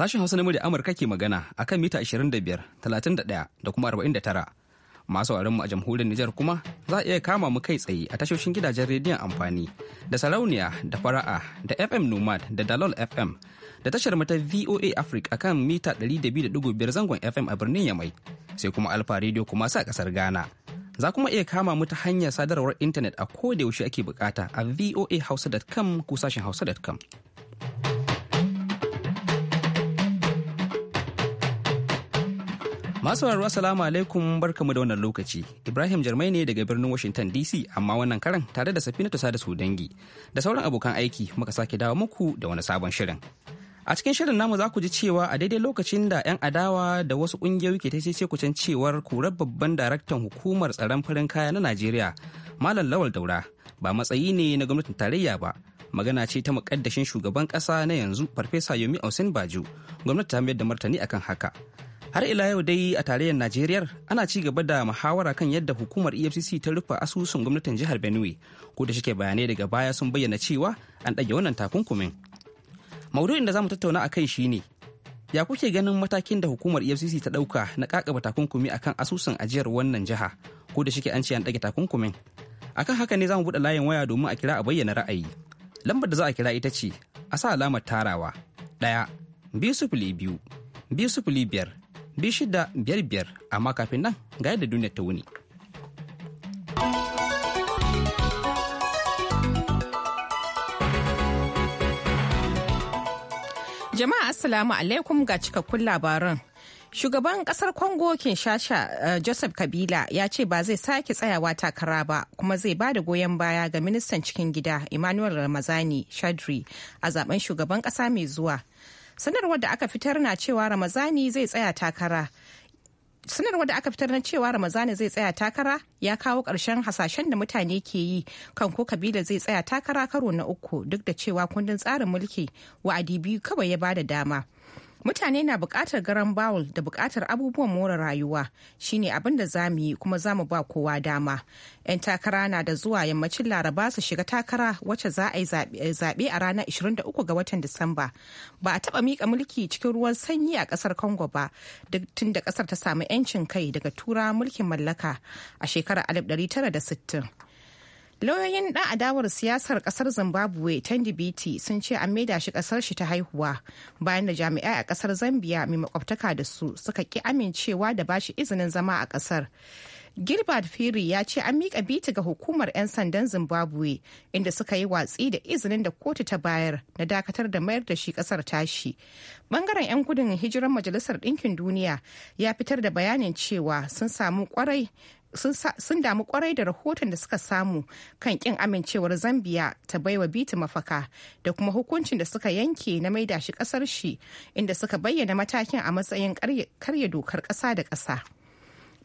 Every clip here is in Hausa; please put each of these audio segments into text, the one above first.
Sashen Hausa na murya Amurka ke magana a kan mita 25, 31 da kuma 49. Masu mu a jamhuriyar Nijar kuma za a iya kama mu kai tsaye a tashoshin gidajen rediyon amfani da sarauniya da fara'a da FM Nomad da Dalol FM da tashar mata VOA Africa akan mita 200.5 zangon FM a birnin Yamai sai kuma Alfa Radio kuma sa kasar Ghana. Za kuma iya kama mu ta hanyar sadarwar intanet a koda yaushe ake bukata a voahausa.com ko sashen hausa.com. Masu raro salamu alaikum barkamu da wannan lokaci. Ibrahim Jarmai ne daga birnin Washington DC amma wannan karan tare da Safina Tusa da su dangi da sauran abokan aiki muka sake dawo muku da wani sabon shirin. A cikin shirin namu za ku ji cewa a daidai lokacin da 'yan adawa da wasu ƙungiyoyi ke ta ce kucin cewar kurar babban daraktan hukumar tsaron farin kaya na Najeriya, Malam Lawal Daura, ba matsayi ne na gwamnatin tarayya ba, magana ce ta muƙaddashin shugaban ƙasa na yanzu farfesa yomi ausin baju gwamnati ta mayar da martani akan haka har ila yau dai a tarayyar najeriya ana ci gaba da muhawara kan yadda hukumar efcc ta rufe asusun gwamnatin jihar benue ko da shike bayanai daga baya sun bayyana cewa an ɗage wannan takunkumin maudu'in da zamu tattauna a kai shine ya kuke ganin matakin da hukumar efcc ta ɗauka na kakaba takunkumi akan asusun ajiyar wannan jiha ko da shike an ce an ɗage takunkumin akan haka ne zamu buɗe layin waya domin a kira a bayyana ra'ayi lambar da za a kira ita ce a sa alamar tarawa ɗaya biyu sufuli biyu biyu sifili biyar biyar amma kafin nan ga yadda duniya ta wuni. Jama'a Assalamu alaikum ga cikakkun labaran. Shugaban kasar kongo Kinshasa eh, Joseph Kabila ya ce ba zai sake tsayawa takara ba kuma zai ba da goyon baya ga ministan cikin gida Emmanuel Ramazani Shadri a zaben shugaban kasa mai zuwa. sanarwar da aka fitar na cewa ramazani zai tsaya takara sanarwar da aka fitar na cewa ramazani zai tsaya takara ya kawo ƙarshen hasashen da mutane ke yi kan ko kabila zai tsaya takara karo na uku duk da cewa kundin tsarin mulki wa'adi biyu kawai ya bada dama mutane na bukatar garan bawul da bukatar abubuwan more rayuwa shine abin da za mu yi kuma za mu ba kowa dama 'yan takara na da zuwa yammacin laraba su shiga takara wacce za a yi zaɓe eh, a ranar 23 ga watan disamba ba a taɓa mika mulki cikin ruwan sanyi a ƙasar congo ba duk tunda da ƙasar ta samu 'yancin kai daga tura mulkin mallaka a shekarar 1960 lauyoyin ɗan adawar siyasar ƙasar zimbabwe tandi biti sun ce an maida shi ƙasar shi ta haihuwa bayan da jami'ai a ƙasar zambia mai makwabtaka da su suka ki amincewa da ba shi izinin zama a ƙasar gilbert firi ya ce an miƙa biti ga hukumar 'yan sandan zimbabwe inda suka yi watsi da izinin da kotu ta bayar na dakatar da mayar da shi ƙasar tashi bangaren 'yan gudun hijirar majalisar ɗinkin duniya ya fitar da bayanin cewa sun samu kwarai sun damu kwarai da rahoton da suka samu kan kin amincewar zambia ta baiwa biti mafaka da kuma hukuncin da suka yanke na maida shi kasar shi inda suka bayyana matakin a matsayin karya dokar kasa da kasa.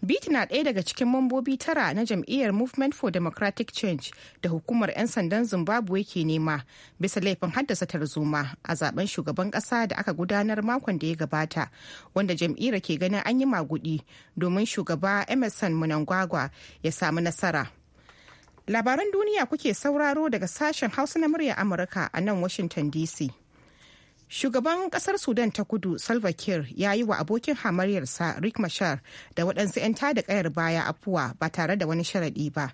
Beat na ɗaya daga cikin mambobi tara na jam'iyyar Movement for Democratic Change da hukumar 'yan sandan Zimbabwe ke nema bisa laifin haddasa tarzoma a zaben shugaban ƙasa da aka gudanar makon da ya gabata wanda jam'iyyar ke ganin an yi magudi domin shugaba Emerson Mnangagwa ya samu nasara. Labaran duniya kuke sauraro daga sashen Hausa na murya Amurka a nan Washington DC. Shugaban kasar Sudan ta kudu Salva Kiir ya yi wa abokin hamayyarsa Rick Machar da waɗansu 'yan tada ƙayar baya afuwa ba tare da wani sharaɗi ba.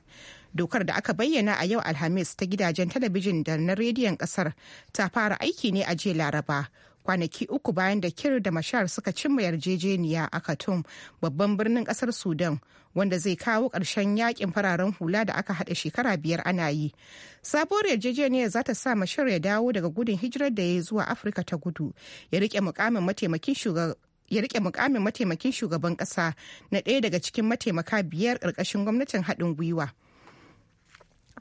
Dokar da aka bayyana a yau Alhamis ta gidajen talabijin da na rediyon ƙasar ta fara aiki ne a jiya Laraba kwanaki uku bayan da kir da mashar suka cimma yarjejeniya a khartoum babban birnin kasar sudan wanda zai kawo ƙarshen yakin fararen hula da aka haɗa shekara biyar ana yi sabuwar yarjejeniyar za ta sa mashar ya dawo daga gudun hijirar da ya yi zuwa afirka ta gudu ya rike mukamin mataimakin shugaban ya kasa na ɗaya daga cikin mataimaka biyar ƙarƙashin gwamnatin haɗin gwiwa.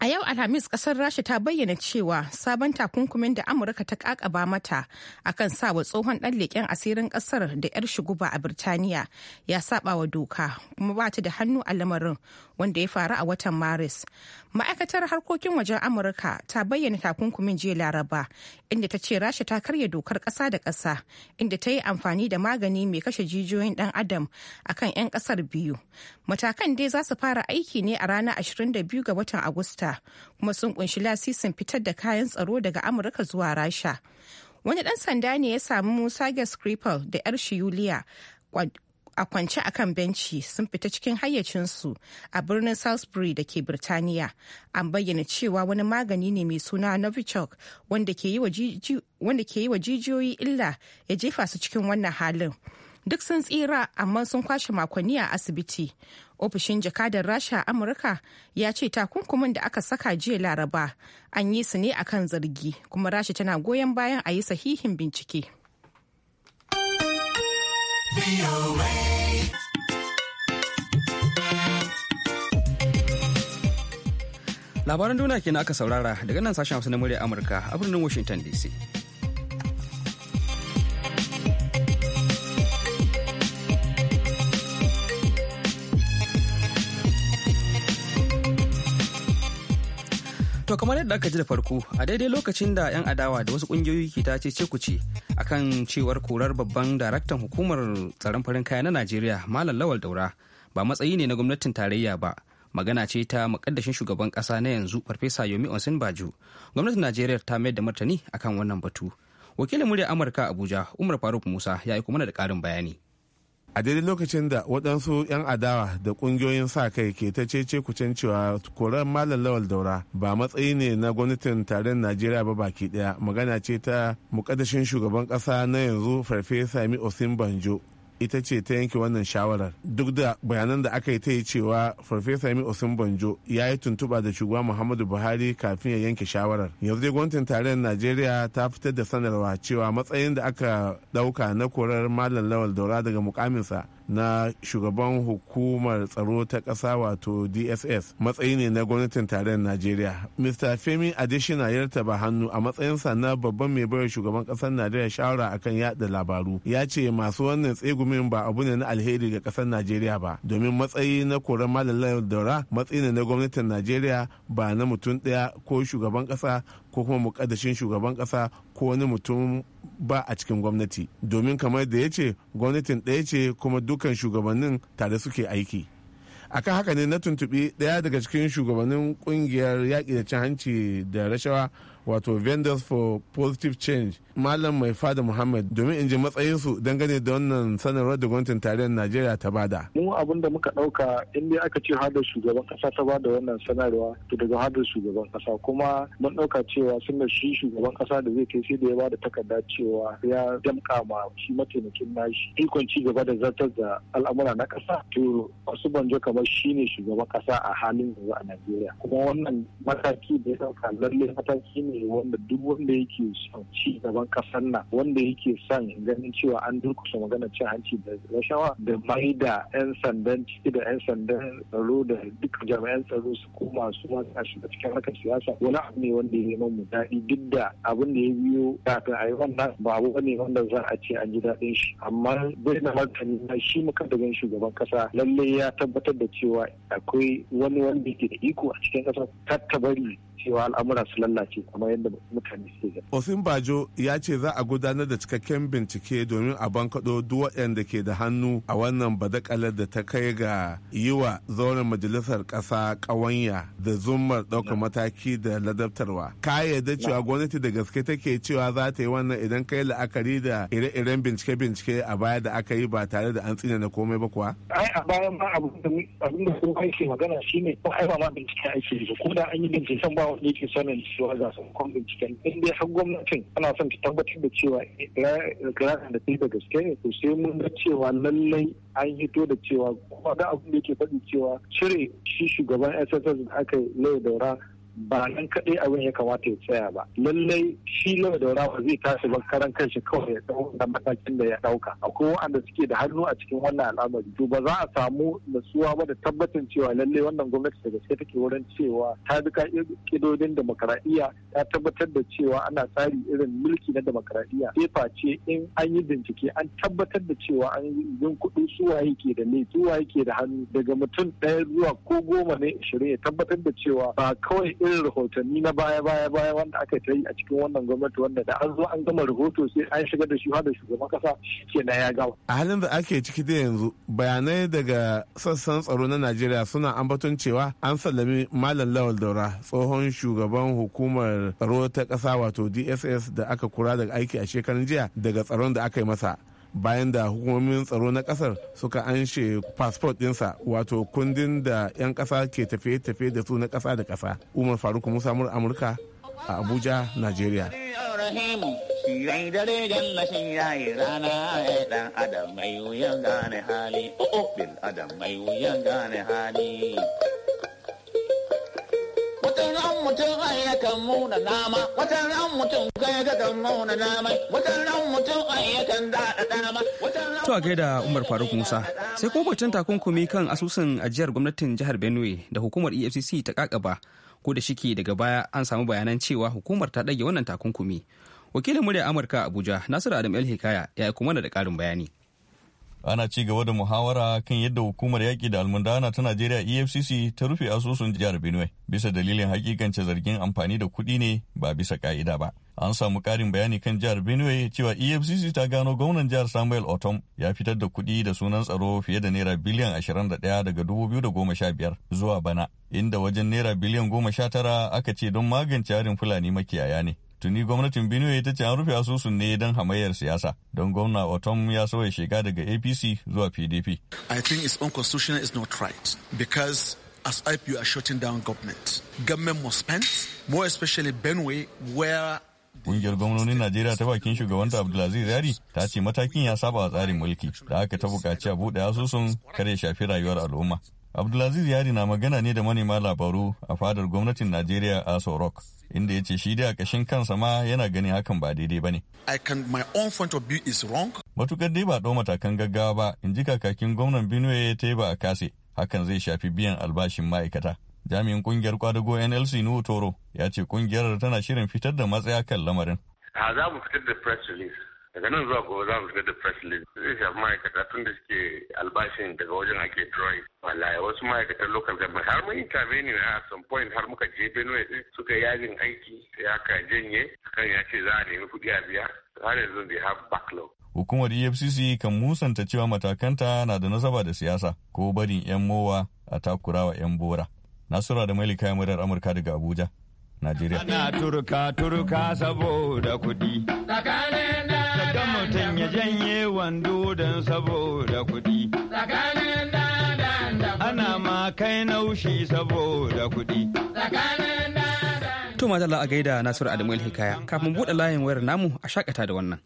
A yau Alhamis kasar Rasha ta bayyana cewa sabon takunkumin da Amurka ta kakaba mata akan sawa tsohon dan leken asirin kasar da 'yar shiguba a Birtaniya ya saba wa doka kuma ba ta da hannu a lamarin wanda ya faru a watan Maris. Ma'aikatar harkokin wajen Amurka ta bayyana takunkumin jiya Laraba inda ta ce Rasha ta karya dokar ƙasa da ƙasa inda ta yi amfani da magani mai kashe jijiyoyin dan adam akan 'yan kasar biyu. Matakan dai za su fara aiki ne a ranar 22 ga watan Agusta kuma sun kunshi lasisin fitar da kayan tsaro daga amurka zuwa rasha wani dan sanda ne ya samu musa gaskripal da yar shi yuliya a kwance akan kan benci sun fita cikin hayyacinsu a birnin salisbury da ke birtaniya an bayyana cewa wani magani ne mai suna novichok wanda ke yi wa jijiyoyi illa ya jefa su cikin wannan halin duk sun tsira amma sun kwashe makonni a asibiti ofishin jakadar rasha amurka ya ce takunkumin da aka saka jiya laraba an yi su ne akan zargi kuma rasha tana goyon bayan a yi sahihin bincike labaran duniya kenan aka saurara daga nan sashen hausa na murya amurka a birnin washington dc To kamar yadda aka ji da farko a daidai lokacin da 'yan adawa da wasu kungiyoyi ke ta ce kuce akan cewar korar babban daraktan hukumar tsaron farin kaya na Najeriya Malam Lawal Daura ba matsayi ne na gwamnatin tarayya ba magana ce ta makaddashin shugaban kasa na yanzu Farfesa Yomi Baju. Gwamnatin Najeriya ta mayar da martani akan wannan batu. Wakilin murya Amurka Abuja Umar Faruk Musa ya yi kuma da ƙarin bayani. a daidai lokacin da waɗansu 'yan adawa da ƙungiyoyin sa kai ke ta cece kucin cewa koran malam lawal daura ba matsayi ne na gwamnatin taron najeriya ba baki ɗaya magana ce ta mukaddashin shugaban ƙasa na yanzu farfesa mi osin banjo ita ce ta yanke wannan shawarar duk da bayanan da aka yi ta yi cewa farfesa mi osun banjo ya yi tuntuɓa da shugaba muhammadu buhari kafin ya yanke shawarar yanzu dai gwamnatin tarayyar najeriya ta fitar da sanarwa cewa matsayin da aka ɗauka na korar malam lawal daura daga mukaminsa na shugaban hukumar tsaro ta ƙasa wato dss matsayi ne na gwamnatin tarayyar najeriya mr femi adeshina ya ba hannu a matsayinsa na babban mai bayar shugaban ƙasar najeriya shawara akan yada labaru ya ce masu wannan tsegumi domin ba abu ne na alheri ga kasar najeriya ba domin matsayi na koran malam daura matsayi ne na gwamnatin najeriya ba na mutum ɗaya ko shugaban kasa ko kuma mukaddashin shugaban kasa ko wani mutum ba a cikin gwamnati domin kamar da ya ce gwamnatin ɗaya ce kuma dukkan shugabannin tare suke aiki akan haka ne na tuntuɓi ɗaya daga cikin shugabannin ƙungiyar yaƙi da cin hanci da rashawa wato vendors for positive change malam mai fada muhammad domin in ji matsayinsu dangane da wannan sanarwar da gwamnatin tarayyar najeriya ta bada mu abin da muka dauka in dai aka ce hadar shugaban kasa ta bada wannan sanarwa to daga hadar shugaban kasa kuma mun dauka cewa sun da shi shugaban kasa da zai kai sai da ya bada takarda cewa ya damka ma shi mataimakin nashi ikon ci gaba da zartar da al'amura na kasa to wasu banjo kamar shi ne shugaban kasa a halin yanzu a najeriya kuma wannan mataki da ya dauka lalle mataki ne wanda duk wanda yake son ci gaban kasar nan wanda yake son ganin cewa an durkusa magana cin hanci da rashawa da mai da 'yan sandan ciki da 'yan sandan tsaro da duka jami'an tsaro su koma su ma a shiga cikin harkar siyasa wani abu ne wanda ya mu daɗi duk da abin da ya biyo kafin a yi wannan ba abu ne wanda za a ce an ji daɗin shi amma bai da martani na shi makadagan shugaban kasa Lallai ya tabbatar da cewa akwai wani wanda ke da iko a cikin kasa bari. cewa al'amura su lallace kuma yadda mutane suke ga. Osin Bajo ya ce za a gudanar da cikakken bincike domin a bankaɗo duk waɗanda ke da hannu a wannan badakalar da ta kai ga yi wa zauren majalisar ƙasa ƙawanya da zummar ɗaukar mataki da ladabtarwa. Ka yarda cewa gwamnati da gaske take cewa za ta yi wannan idan ka la'akari da ire-iren bincike-bincike a baya da aka yi ba tare da an tsina na komai ba kuwa? Ai a baya ma abin da kuma magana shine ba ma bincike ko da an yi binciken ba hudu ke sanin cewa ga kwan binciken in dai har gwamnatin ana son ta tabbatar da cewa ikirarin eh, da ta yi da gaske ne to sai mun ga cewa lallai an hito da cewa kuma ga abin da yake faɗi cewa cire shi shugaban sss da aka yi lai daura ba nan kaɗai abin ya kamata ya tsaya ba lallai shi lawa da rawa zai tashi ban karan kanshi kawai ya tsawo da matakin da ya ɗauka akwai wanda suke da hannu a cikin wannan al'amari to ba za a samu nutsuwa ba da tabbacin cewa lallai wannan gwamnati da gaske take wurin cewa ta bi ka'idodin demokaradiyya ta tabbatar da cewa ana tsari irin mulki na demokaradiyya sai face in an yi bincike an tabbatar da cewa an yin kuɗi suwa ke da laifi Suwa ke da hannu daga mutum ɗaya zuwa ko goma ne ashirin ya tabbatar da cewa ba kawai irin rahotanni na baya baya baya wanda aka ta yi a cikin wannan gwamnati wanda da an zo an gama rahoto sai an shiga da shi har da shugaban kasa na ya gama a halin da ake ciki da yanzu bayanai daga sassan tsaro na Najeriya suna ambaton cewa an sallami Malam Lawal Daura tsohon shugaban hukumar tsaro ta kasa wato DSS da aka kura daga aiki a shekarun jiya daga tsaron da aka yi masa bayan da hukumomin tsaro na kasar suka anshe fasfot dinsa wato kundin da 'yan kasa ke tafiye-tafiye da su na kasa da kasa umar faruk musa amurka a abuja nigeria adam hali. Oh, oh, mutum an ya kan muna nama watan ran mutum kan ya kan muna nama watan ran mutum ya kan dama to a gaida Umar Faruk Musa sai ko batun takunkumi kan asusun ajiyar gwamnatin jihar Benue da hukumar EFCC ta kakaba ko da shike daga baya an samu bayanan cewa hukumar ta dage wannan takunkumi wakilin murya Amurka Abuja Nasiru Adam El Hikaya ya yi kuma da karin bayani ana ci gaba da muhawara kan yadda hukumar yaƙi da almundana ta najeriya efcc ta rufe asusun jihar benue bisa dalilin hakikance zargin amfani da kuɗi ne ba bisa ƙa'ida ba an samu ƙarin bayani kan jihar benue cewa efcc ta gano gwamnan jihar samuel otom ya fitar da kuɗi da sunan tsaro fiye da naira biliyan ashirin da 21 daga dubu da goma sha biyar. zuwa bana inda wajen naira biliyan goma sha tara aka ce don magance harin fulani makiyaya ne tuni gwamnatin benue ita ce an rufe asusun ne don hamayyar siyasa don gwamna otom ya sauya shiga daga apc zuwa pdp i think it's unconstitutional it's not right because as ipu are shutting down government government must spend more especially benue where Kungiyar gwamnonin Najeriya ta bakin shugabanta Abdulaziz Yari ta ce matakin ya saba wa tsarin mulki da aka ta bukaci a buɗe asusun kare shafi rayuwar al'umma. Abdulaziz Yari na magana ne da manema labaru a fadar gwamnatin Najeriya a Rock. inda ya ce shi dai a kashin kansa ma yana ganin hakan ba daidai ba ne. I can my own point of view is wrong. Matukar dai ba ɗau matakan gaggawa ba in ji kakakin gwamnan Benue ta yi ba a kase hakan zai shafi biyan albashin ma'aikata. Jami'in ƙungiyar kwadago NLC Nuhu Toro ya ce ƙungiyar tana shirin fitar da matsaya kan lamarin. Ah, za mu fitar da press release daga nan zuwa gobe za mu shiga da press list zai shafi ma'aikata tun da suke albashin daga wajen ake drawing wallahi wasu ma'aikatan local government har mun intervene na a some point har muka je Benue suka yajin aiki ya ka janye kan ya ce za a nemi kuɗi a biya har yanzu they have backlog hukumar efcc kan musanta cewa matakanta na da nasaba da siyasa ko barin 'yan mowa a takurawa 'yan bora nasura da mali kayan murar amurka daga abuja najeriya ana turka turka saboda kuɗi Ka mutum ya janye wando don saboda kuɗi. Ana ma kai naushi saboda kuɗi. To madalla a gaida Nasiru Adamu Hikaya kafin buɗe layin wayar namu a shakata da wannan.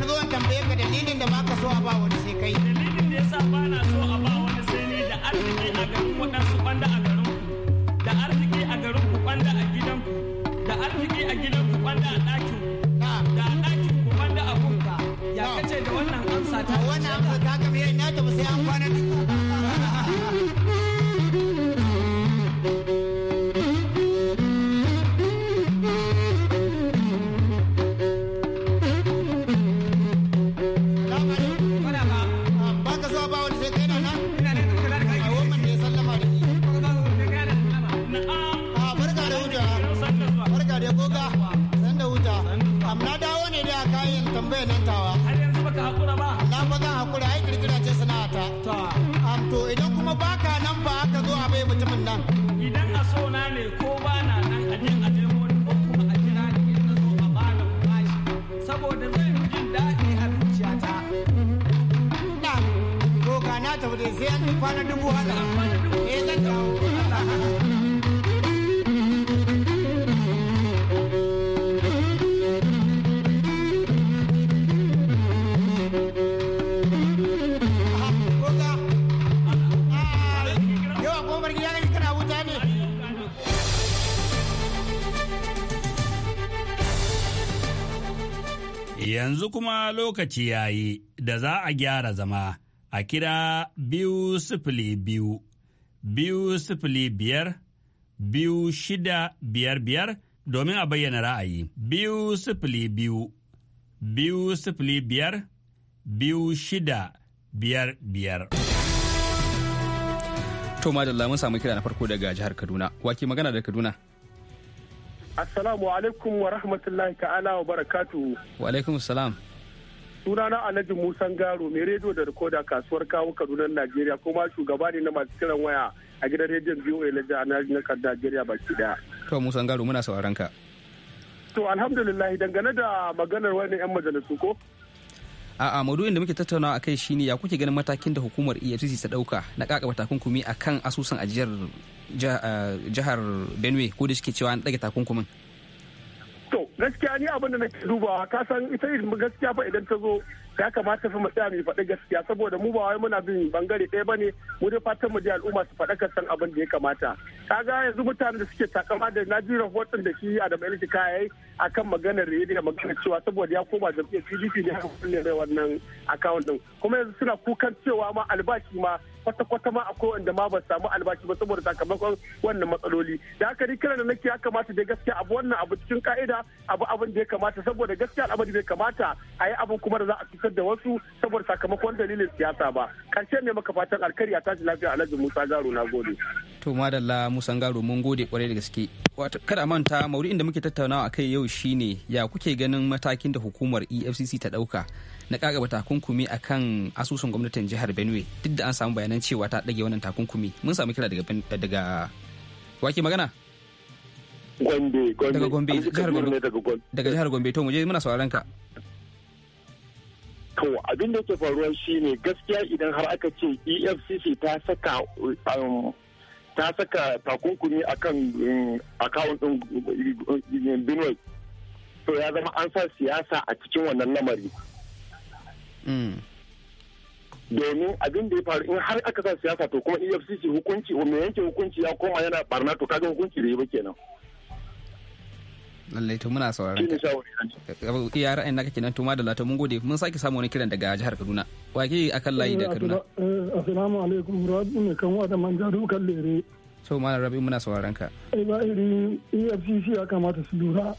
na zo tambaye ka dalilin da baka so a ba wani sai kai dalilin da yasa ba na so a ba wani sai ni da arziki a garin waɗansu banda a garin da arziki a garin ku banda a gidan ku da arziki a gidan ku banda a ɗakin da a ɗakin ku banda a kunka ya kace da wannan amsa ta wannan amsa ta kamar yana ta ba sai an kwana ya goga san da wuta. amma dawo ne da kayan tambayar nan tawa har yanzu baka hakura ba na ba zan hakura ai kirkira ce sana'ata to am to idan kuma baka nan ba aka zo a bai mutumin nan idan a so na ne ko ba na nan a jin a nemo ni ko kuma a jira ni in zo a ba da bashi saboda zan jin daɗi a zuciyata na ko ka na tafi sai an kwana dubu hada eh zan dawo yanzu kuma lokaci ya yi da za a gyara zama a kira biyu sifili biyu, biyu sifili biyar, biyu shida biyar biyar domin a bayyana ra'ayi. Biyu sifili biyu, biyu sifili biyar, biyu shida biyar biyar. To madalla mun samu kira na farko daga jihar Kaduna. ke magana da Kaduna. Assalamu alaikum wa rahmatullahi ta'ala wa barakatu Wa alaikum salam. Sunana Alhaji Musan Garo mai rediyo da rikoda kasuwar kawo Kaduna Najeriya kuma shugaba ne na masu kiran waya a gidan rediyon BOA na kan Najeriya baki daya. To Musan Garo muna sauraron ka. To alhamdulillah dangane da maganar wani 'yan majalisu ko? A'a maudu'in da muke tattaunawa akai shine ya kuke ganin matakin da hukumar EFCC ta dauka na kakaba takunkumi a kan asusun ajiyar jihar Benue ko da suke cewa an dage takunkumin. To gaskiya ni abin da nake dubawa ka san ita gaskiya fa idan ta zo ya kamata su matsaya mu faɗi gaskiya saboda mu ba wai muna bin bangare ɗaya bane mu dai fatan mu ji al'umma su faɗa kasan abin da ya kamata kaga yanzu mutane da suke takama da na ji rahoton da shi Adam ka Kaya akan maganar rede da maganar cewa saboda ya koma jam'iyyar PDP ne a kulle wannan account din kuma yanzu suna kukan cewa ma albashi ma kwata-kwata ma akwai wanda ma ba samu albashi ba saboda sakamakon wannan matsaloli da haka ni kiran da nake ya kamata da gaskiya abu wannan abu cikin ka'ida abu abin da ya kamata saboda gaskiya al'amari bai kamata a yi abin kuma da za a fitar da wasu saboda sakamakon dalilin siyasa ba karshe ne maka fatan alkari a tashi lafiya alhaji musa garo na gode to madalla musa garo mun gode kwarai da gaske wato kada manta maudu'in da muke tattaunawa akai yau shine ya kuke ganin matakin da hukumar efcc ta dauka na kagaba takunkumi akan asusun gwamnatin jihar benue duk da an samu bayanan cewa ta dage wannan takunkumi mun samu kira daga daga wake magana Gombe, Gombe, daga Gombe, daga jihar Gombe to mu je muna sauraron ka. To abin da ke faruwa shine gaskiya idan har aka ce EFCC ta saka um, ta saka takunkumi akan um, akawun din um, Benue to ya zama an sa siyasa a cikin wannan lamari. Hmm. Domin abin da ya faru in har aka sa siyasa to kuma EFCC hukunci mai yanke hukunci ya koma yana barna to kaga hukunci da ya kenan. lallai to muna sauraron ka iya ra'ayin naka kenan to madalla to mun gode mun sake samu wani kiran daga jihar Kaduna wake akan layi da Kaduna eh, assalamu alaikum rabu ne kan wata manja dukan lere to malam rabi muna sauraron ka eh ba irin EFCC ya kamata su lura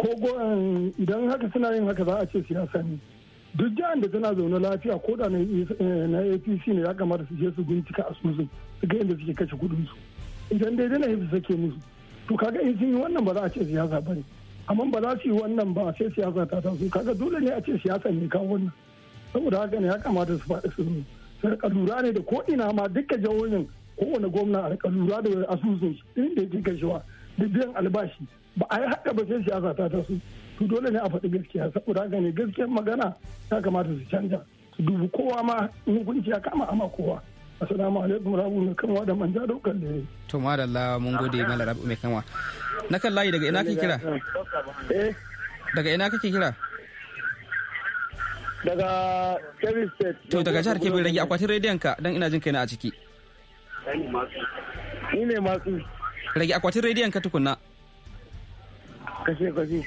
ko eh, idan haka suna yin haka za a ce siyasa ne duk jihar da tana zaune lafiya ko da na e eh, apc ne ya kamata su je su bincika asusun su ga inda suke kashe kudin su idan dai dana su sake musu to kaga in sun yi wannan ba za a ce siyasa ba ne amma ba za su yi wannan ba sai siyasa ta taso kaga dole ne a ce siyasa ne kawo wannan saboda haka ne ya kamata su faɗi su rika lura ne da ko ina ma duka jihohin kowane gwamna a rika lura da asusun inda yake gashiwa da biyan albashi ba a yi haka ba sai siyasa ta taso to dole ne a faɗi gaskiya saboda haka ne gaskiyar magana ya kamata su canja su dubu kowa ma in hukunci ya kama ama kowa. Assalamu alaikum rabu mai kanwa da manja daukar da To madalla mun gode mala rabu mai kanwa. Na kan layi daga ina kake kira? Eh? Daga ina kake kira? Daga Kebbi State. To daga jihar Kebbi rage akwatin rediyon ka dan ina jin kai na a ciki. Ni ne masu. Rage akwatin rediyon ka tukunna. Kashe kashe.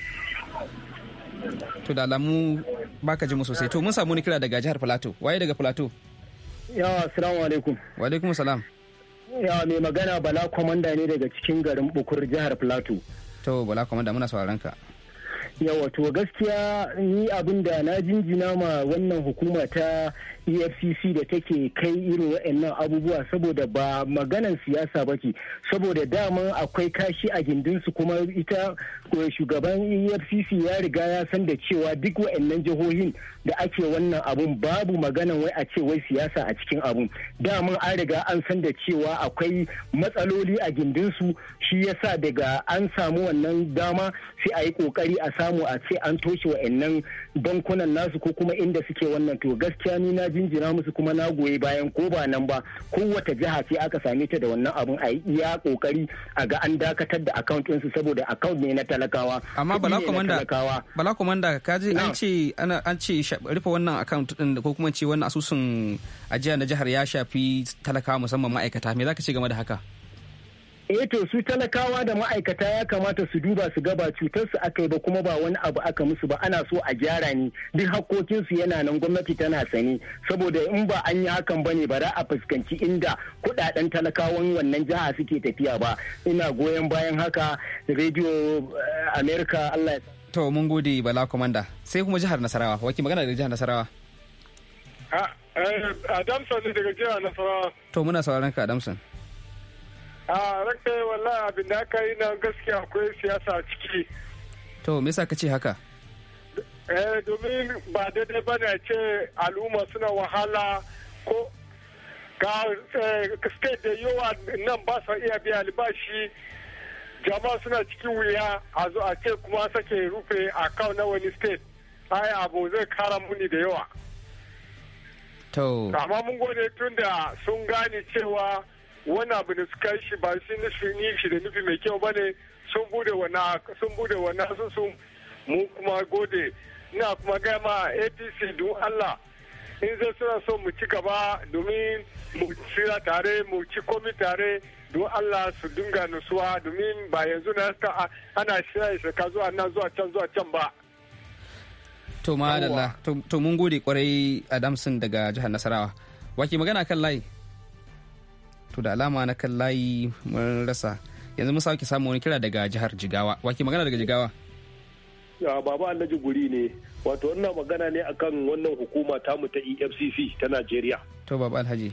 To da alamu baka ji mu sosai. To mun samu ni kira daga jihar Plateau. Waye daga Plateau? yawa assalamu alaikum alaikum salam yawa mai magana bala kwamanda ne daga cikin garin bukur jihar plateau to bala kwamanda muna sauraron ka yawa to gaskiya ni abin da na jinjina ma wannan hukuma ta efcc da take kai irin waɗannan abubuwa saboda ba maganan siyasa ba ke saboda daman akwai kashi a gindinsu kuma ita eh, shugaban efcc ya riga ya san da cewa duk waɗannan jihohin da ake wannan abun babu magana wai a ce wai siyasa a cikin abun daman an riga an san da cewa akwai matsaloli a gindinsu shi yasa daga an samu wannan dama sai a yi kokari a samu a ce an toshe wa'annan bankunan nasu ko kuma inda suke wannan to gaskiya ni na jinjina musu kuma na goyi bayan ko ba nan ba kowace jiha sai aka same ta da wannan abun a yi iya kokari a ga an dakatar da account su saboda account ne na talakawa amma bala komanda bala komanda kaji an ce an ce rufe wannan account din ko kuma ce wannan asusun ajiya na jihar ya shafi talakawa musamman ma'aikata me zaka ce game da haka eh to su talakawa da ma'aikata ya kamata su duba su gaba cutar su akai yi ba kuma ba wani abu aka musu ba ana so a gyara ni duk hakokin su yana nan gwamnati tana sani saboda in ba an yi hakan bane ba za a fuskanci inda kudaden talakawan wannan jiha suke tafiya ba ina goyon bayan haka radio eh, america Allah ya to mun gode bala komanda sai kuma jihar nasarawa waki magana da jihar nasarawa ah, eh, adamson ne daga jihar nasarawa to muna sauraron ka adamson a ah, ranka yi wallahi abin da aka yi na gaskiya akwai siyasa a ciki to me yasa ka ce haka eh domin ba daidai ba ne ce al'umma suna wahala ko ga eh, state da yawa nan ba sa iya biya albashi jama suna cikin wuya a zo a ce kuma sake rufe account na wani state ai abu zai kara muni da yawa to amma mun gode tun da sun gane cewa wani abu da suka shi ba shi nufin shi da nufi mai kyau bane sun bude wani sun bude wani sun sun mu kuma gode ina kuma gaya ma apc don allah in zai suna so mu ci gaba domin mu tsira tare mu ci komi tare don Allah su dinga nutsuwa domin ba yanzu na ana shirya ka zuwa nan zuwa can zuwa can ba. To ma'adalla, to mun gode kwarai Adamson daga jihar Nasarawa. Wake magana kan layi? To da alama na kan layi mun rasa. Yanzu mun sauke samu wani kira daga jihar Jigawa. Wake magana daga Jigawa? Ya baba Alhaji Guri ne. Wato wannan magana ne akan wannan hukuma tamu ta EFCC ta Najeriya. To baba Alhaji.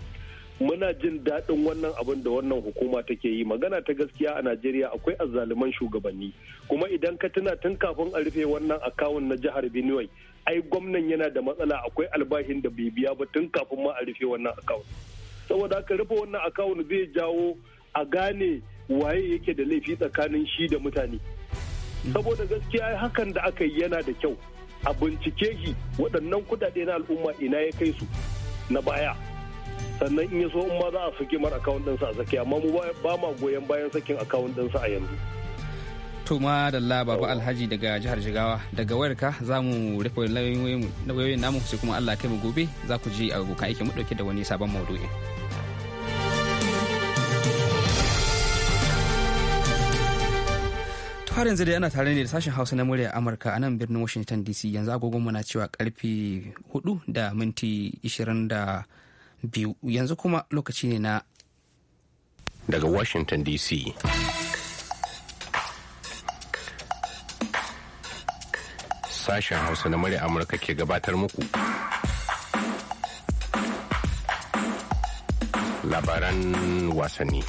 muna jin daɗin wannan abin da wannan hukuma take yi magana ta gaskiya a najeriya akwai azzaluman shugabanni kuma idan ka tuna tun kafin a rufe wannan akawun na jihar benue ai gwamnan yana da matsala akwai albashin da bai biya ba tun kafin ma a rufe wannan akawun saboda ka rufe wannan akawun zai jawo a gane waye yake da laifi tsakanin shi da mutane saboda gaskiya hakan da aka yi yana da kyau a bincike shi waɗannan kuɗaɗe na al'umma ina ya kai su na baya sannan in ya so in ma za a saki mar akawun ɗinsa a saki amma mu ba ma goyon bayan sakin akawun ɗinsa a yanzu. to ma da babu alhaji daga jihar jigawa daga wayarka za mu rufe lauyoyin namu sai kuma allah kai mu gobe za ku ji abokan aiki mu dauke da wani sabon maudu'i har yanzu dai ana tare ne da sashen hausa na murya amurka a nan birnin washington dc yanzu agogon na cewa karfe 4 da minti 20 biyu yanzu kuma lokaci ne na daga washington dc sashen hausa na murya amurka ke gabatar muku labaran wasanni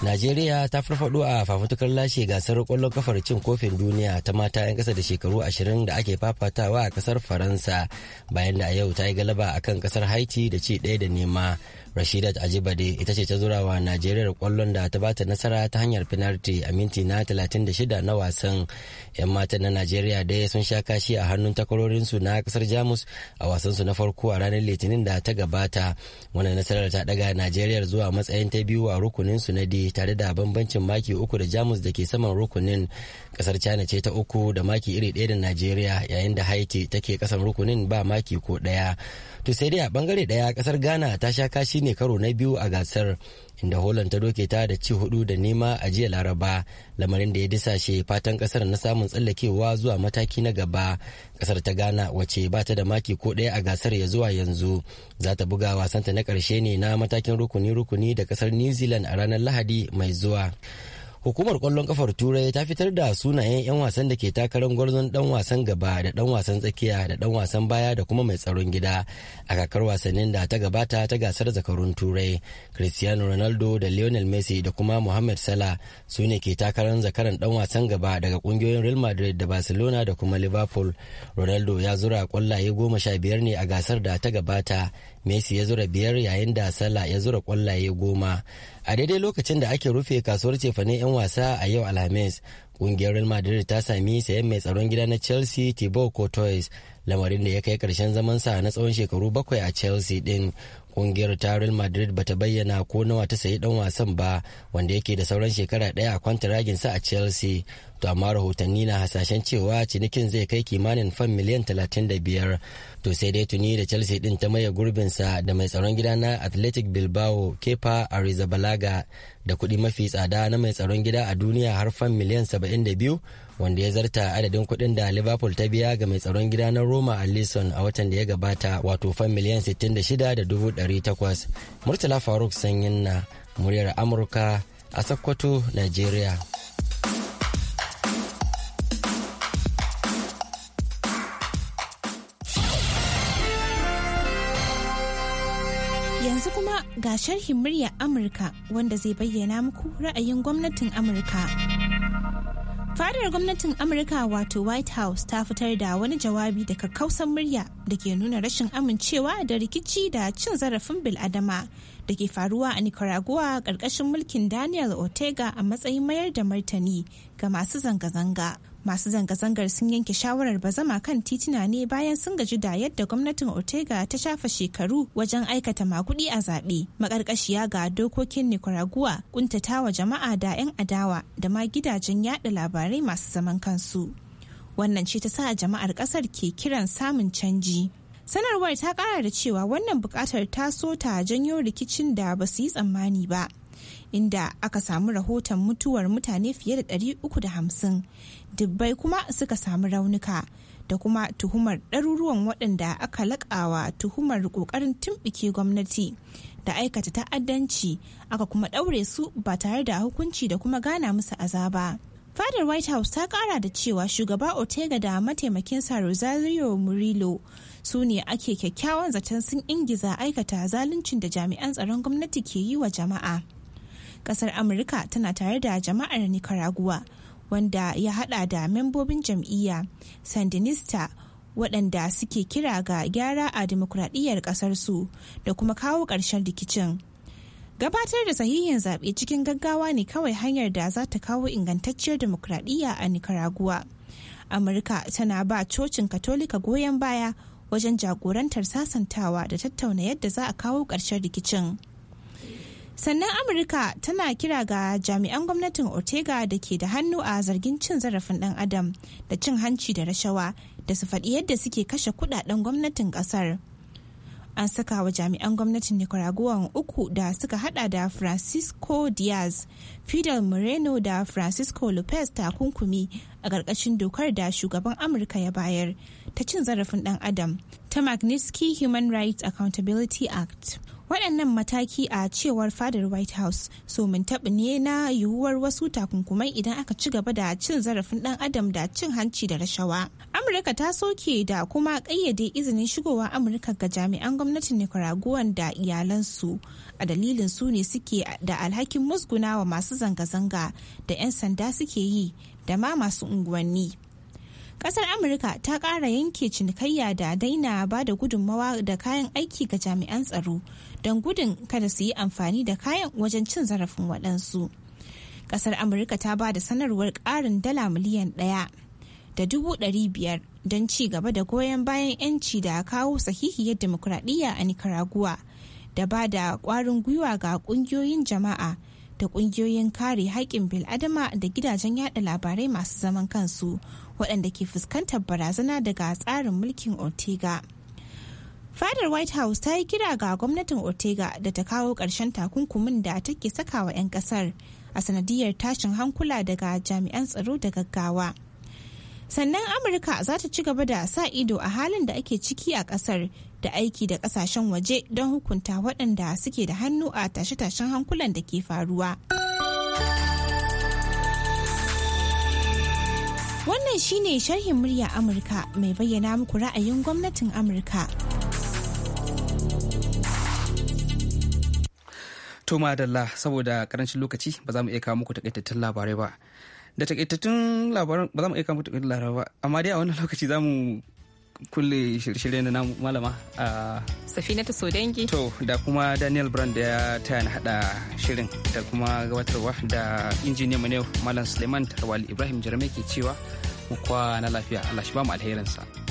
Najeriya ta farfaɗo a fafutukar lashe gasar kwallon kafar cin kofin duniya ta mata 'yan kasa da shekaru 20 da ake fafatawa a kasar Faransa bayan da a yau ta yi galaba a kan kasar Haiti da ci ɗaya da nema. Rashidat Ajibade ita ce ta zurawa Najeriya kwallon da ta bata nasara ta hanyar finarti a minti na 36 na wasan. 'Yan matan na Najeriya dai sun sha kashi a hannun takwarorinsu na kasar Jamus a wasansu na farko a ranar Litinin da ta gabata. Wannan nasarar ta daga Najeriya zuwa matsayin ta biyu a rukuninsu na D tare da bambancin maki uku da jamus da ke saman rukunin kasar china ce ta uku da maki iri ɗaya da najeriya yayin da haiti take kasan rukunin ba maki ko ɗaya to sai dai a bangare ɗaya kasar ghana ta sha kashi ne karo na biyu a gasar inda holland ta doke ta da ci hudu da nema a jiya laraba lamarin da ya disashe fatan kasar na samun tsallakewa zuwa mataki na gaba kasar ta ghana wace ba ta da maki ko ɗaya a gasar ya zuwa yanzu za ta buga wasanta na ƙarshe ne na matakin rukuni-rukuni da kasar new zealand a ranar lahadi mai zuwa hukumar kwallon kafar turai ta fitar da sunayen 'yan wasan da ke takarar gwarzon dan wasan gaba da dan wasan tsakiya da dan wasan baya da kuma mai tsaron gida a kakar wasannin da ta gabata ta gasar zakarun turai cristiano ronaldo da lionel messi da kuma mohamed salah su ne ke takarar zakaran dan wasan gaba daga ƙungiyoyin real madrid da barcelona da kuma liverpool ronaldo ya zura kwallaye goma sha biyar ne a gasar da ta gabata messi ya zura biyar yayin da salah ya zura kwallaye goma a daidai lokacin da ake rufe kasuwar cefane 'yan wasa a yau alhamis kungiyar real madrid ta sami sayan mai tsaron gida na chelsea thibaut courtois lamarin da ya kai karshen zaman sa na tsawon shekaru bakwai a chelsea din kungiyar ta real madrid bata bayyana ko nawa ta sayi dan wasan ba wanda yake da sauran shekara daya a sa a chelsea to amma rahotanni na hasashen cewa cinikin zai kai kimanin fan miliyan 35 to sai dai tuni da chelsea din ta maye gurbinsa da mai tsaron gida na athletic bilbao kepa arizabalaga da kuɗi mafi tsada na mai tsaron gida a duniya har fan miliyan 72 wanda ya zarta adadin kuɗin da liverpool ta biya ga mai tsaron gida na roma allison a watan da ya gabata wato fan miliyan 66,800 murtala faruk sanyin na muryar amurka a sokoto nigeria Yanzu kuma ga sharhin murya Amurka wanda zai bayyana muku ra'ayin gwamnatin Amurka. Fadar gwamnatin Amurka wato White House ta fitar da wani jawabi daga kausan murya da ke nuna rashin amincewa da rikici da cin zarafin bil'adama da ke faruwa a Nicaragua karkashin mulkin Daniel Ortega a matsayin mayar da martani ga masu zanga-zanga. masu zanga-zangar sun yanke shawarar bazama kan titina ne bayan sun gaji da yadda gwamnatin ortega ta shafa shekaru wajen aikata magudi a zaɓe makarkashiya ga dokokin nicaragua kuntatawa jama'a da 'yan adawa da ma gidajen yada labarai masu zaman kansu wannan ce ta sa jama'ar ƙasar ke kiran samun canji sanarwar ta ƙara da cewa wannan buƙatar ta so ta janyo rikicin da ba su yi tsammani ba inda aka samu rahoton mutuwar mutane fiye da 350 dubbai kuma suka samu raunuka da kuma tuhumar ɗaruruwan waɗanda aka laƙawa tuhumar ƙoƙarin tumɓuke gwamnati da aikata ta'addanci aka kuma ɗaure su ba tare da hukunci da kuma gana musu azaba. fadar white house ta kara da cewa shugaba ortega da mataimakinsa rosario murillo su ne ake kyakkyawan zaton sun ingiza aikata zaluncin da jami'an tsaron gwamnati ke yi wa jama'a kasar amurka tana tare da jama'ar nicaragua wanda ya hada da membobin jam'iyya sandinista waɗanda suke kira ga gyara a dimokuraɗiyyar ƙasarsu da kuma kawo ƙarshen rikicin gabatar da sahihin zaɓe cikin gaggawa ne kawai hanyar da za ta kawo ingantacciyar demokuraɗiyya a nicaragua amurka tana ba cocin katolika goyon baya wajen jagorantar sasantawa da tattauna yadda za a kawo ƙarshen rikicin sannan amurka tana kira ga jami'an gwamnatin ortega da ke da hannu a zargin cin zarafin dan adam da cin hanci da rashawa da su faɗi yadda suke kashe kudaden gwamnatin ƙasar an saka wa jami'an gwamnatin nicaragua uku da suka hada da francisco diaz fidel moreno da francisco lopez takunkumi a ƙarƙashin dokar da shugaban amurka ya bayar ta cin zarafin dan adam ta Magnitsky Human Rights Accountability Act. waɗannan mataki a cewar fadar white house so taɓa ne na yiwuwar wasu takunkumai idan aka ci gaba da cin zarafin ɗan adam da cin hanci da rashawa amurka ta soke da kuma ƙayyade izinin shigowa amurka ga jami'an gwamnatin nicaraguan da iyalansu a dalilin su ne suke da alhakin musgunawa masu zanga-zanga da 'yan sanda suke yi da ma masu unguwanni kasar amurka ta kara yanke cinikayya da daina ba da gudunmawa da kayan aiki ga jami'an tsaro don gudun kada su yi amfani da kayan wajen cin zarafin waɗansu kasar amurka ta ba da sanarwar ƙarin dala miliyan ɗaya da dubu ɗari biyar don ci gaba da goyon bayan 'yanci da kawo sahihiyar demokuraɗiyya a nicaragua da ba da ƙwarin gwiwa ga ƙungiyoyin jama'a da kungiyoyin kare haƙƙin bil'adama da gidajen yada labarai masu zaman kansu waɗanda ke fuskantar barazana daga tsarin mulkin ortega fadar white house ta yi kira ga gwamnatin ortega da ta kawo ƙarshen takunkumin da take sakawa 'yan ƙasar a sanadiyar tashin hankula daga jami'an tsaro da gaggawa. sannan amurka za ta ci gaba da sa ido a halin da ake ciki a kasar da aiki da kasashen waje don hukunta waɗanda suke da hannu a tashe-tashen hankulan da ke faruwa wannan shine sharhin murya amurka mai bayyana muku ra'ayin gwamnatin amurka to madalla saboda karancin lokaci ba za mu iya kawo muku takaitattun labarai ba da takaitattun labaran ba za mu iya kama takaitattun labaran ba amma dai a wannan lokaci za mu kulle shirye na namu malama a safina ta sodangi to da kuma daniel brand da ya taya na hada shirin da kuma gabatarwa da injiniya mu ne malam suleiman tarwali ibrahim jirame ke cewa mu na lafiya allah shi ba mu alherinsa